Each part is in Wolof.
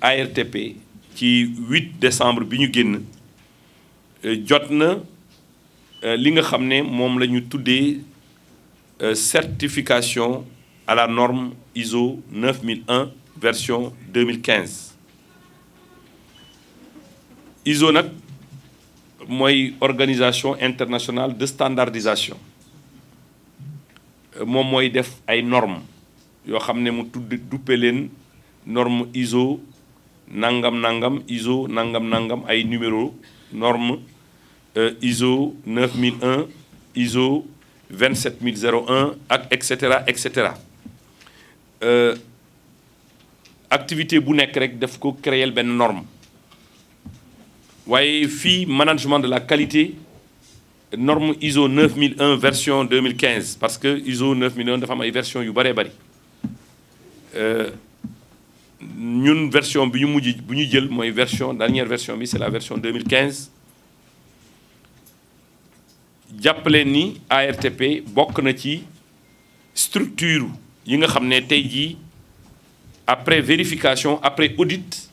ARTP ci 8 décembre bi ñu génn euh, jot na euh, li nga xam ne moom la ñu tuddee euh, certification à la norme ISO 9001 version 2015 ISO nag mooy organisation internationale de standardisation moom mooy def ay normes yoo xam ne mu tudd duppe leen norme ISO nangam nangam ISO nangam nangam ay numéro norme euh, ISO 9001 ISO 27001 ak et cetera et cetera euh, activité bu nekk rek daf ko créel benn norme waaye fii management de la qualité norme ISO 9001 version 2015 parce que ISO 9001 dafa am ay version yu bëree bari euh, ñun version bi ñu mujj bu ñu jël mooy version dernière version bi c'est la version 2015 jàppale ni ARTP bokk na ci structure yi nga xam ne tey jii après vérification après audit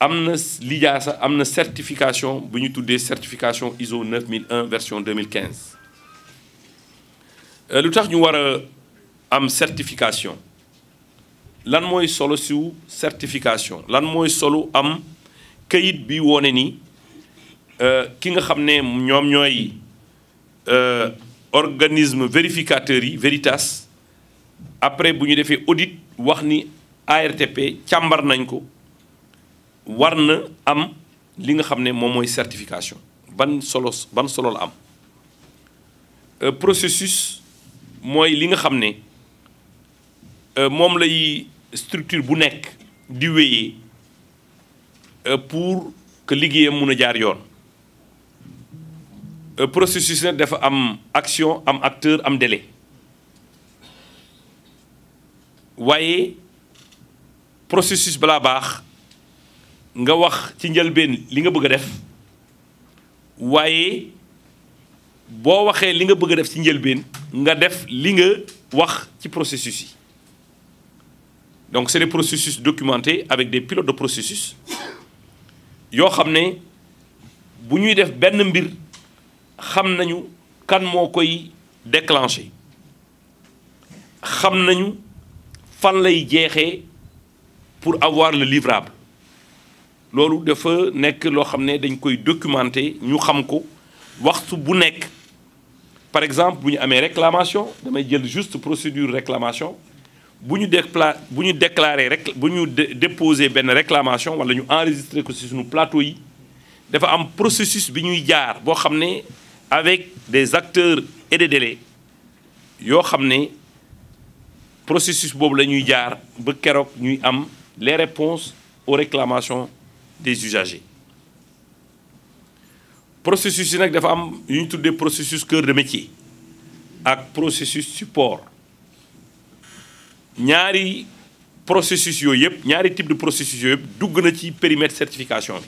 am na lijaasa am na certification bu ñu tuddee certification ISO 9001 version 2015 euh, lu tax ñu war a am certification lan mooy solo siw certification lan mooy solo am kayit bi wone ni euh, ki nga xam ne ñoom ñooy euh, organisme vérificateur yi Veritas après bu ñu defee audit wax ni ARTP càmbar nañ ko war na am li nga xam ne moom mooy certification ban solo ban solo la am euh, processus mooy li nga xam ne moom lay structure bu nekk di wéyee euh, pour que liggéeyam mun a jaar yoon euh, processus nag dafa am action am acteur am délai waaye processus balaa baax nga wax ci njëlbeen li nga bëgg a def waaye boo waxee li nga bëgg a def ci njëlbeen nga def li nga wax ci processus yi donc c'est des processus documentés avec des pilotes de processus yoo xam ne bu ñuy def benn mbir xam nañu kan moo koy déclenché xam nañu fan lay jeexee pour avoir le livrable loolu dafa nekk loo xam ne dañ koy documenter ñu xam ko waxtu bu nekk par exemple bu ñu amee réclamation damay jël juste procédure réclamation bu ñu dépla bu ñu déclaré rek bu ñu déposé benn réclamation walla ñu enregistré ko ci suñu plateau yi dafa am processus bi ñuy jaar boo xam ne avec des acteurs et des délais yoo xam ne processus boobu la ñuy jaar ba keroog ñuy am les réponses aux réclamations des usagers processus yi nag dafa am yu ñu tuddee processus cœur de métier ak processus support ñaari processus yooyu yëpp ñaari type de processus yooyu yëpp dugg na ci périmètre certification bi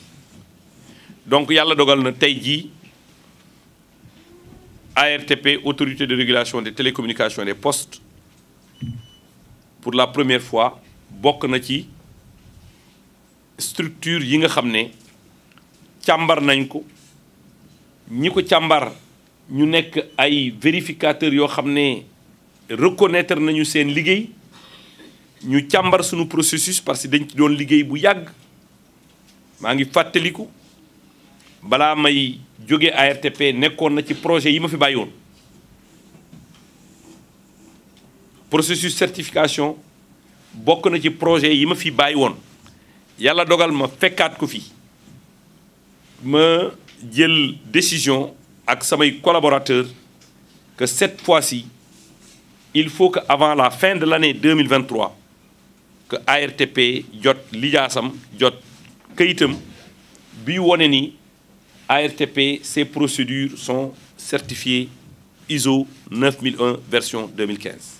donc yàlla dogal na tey jii ARTP autorité de régulation des télécommunications des post pour la première fois bokk na ci structure yi nga xam ne càmbar nañ ko ñi ko càmbar ñu nekk ay vérificateurs yoo xam ne reconnaître nañu seen liggéey ñu càmbar suñu processus parce que dañ ci doon liggéey bu yàgg maa ngi fàttaliku balaa may jóge ARTP nekkoon na ci projet yi ma fi bàyyi woon processus certification bokk na ci projet yi ma fi bàyyi woon yàlla dogal ma fekkaat ko fi ma jël décision ak samay collaborateur que cette fois-ci il faut que avant la fin de l'année 2023 que ARTP jot lijaasam jot këyitam bi wone ni ARTP ses procédures sont certifiées ISO 9001 version 2015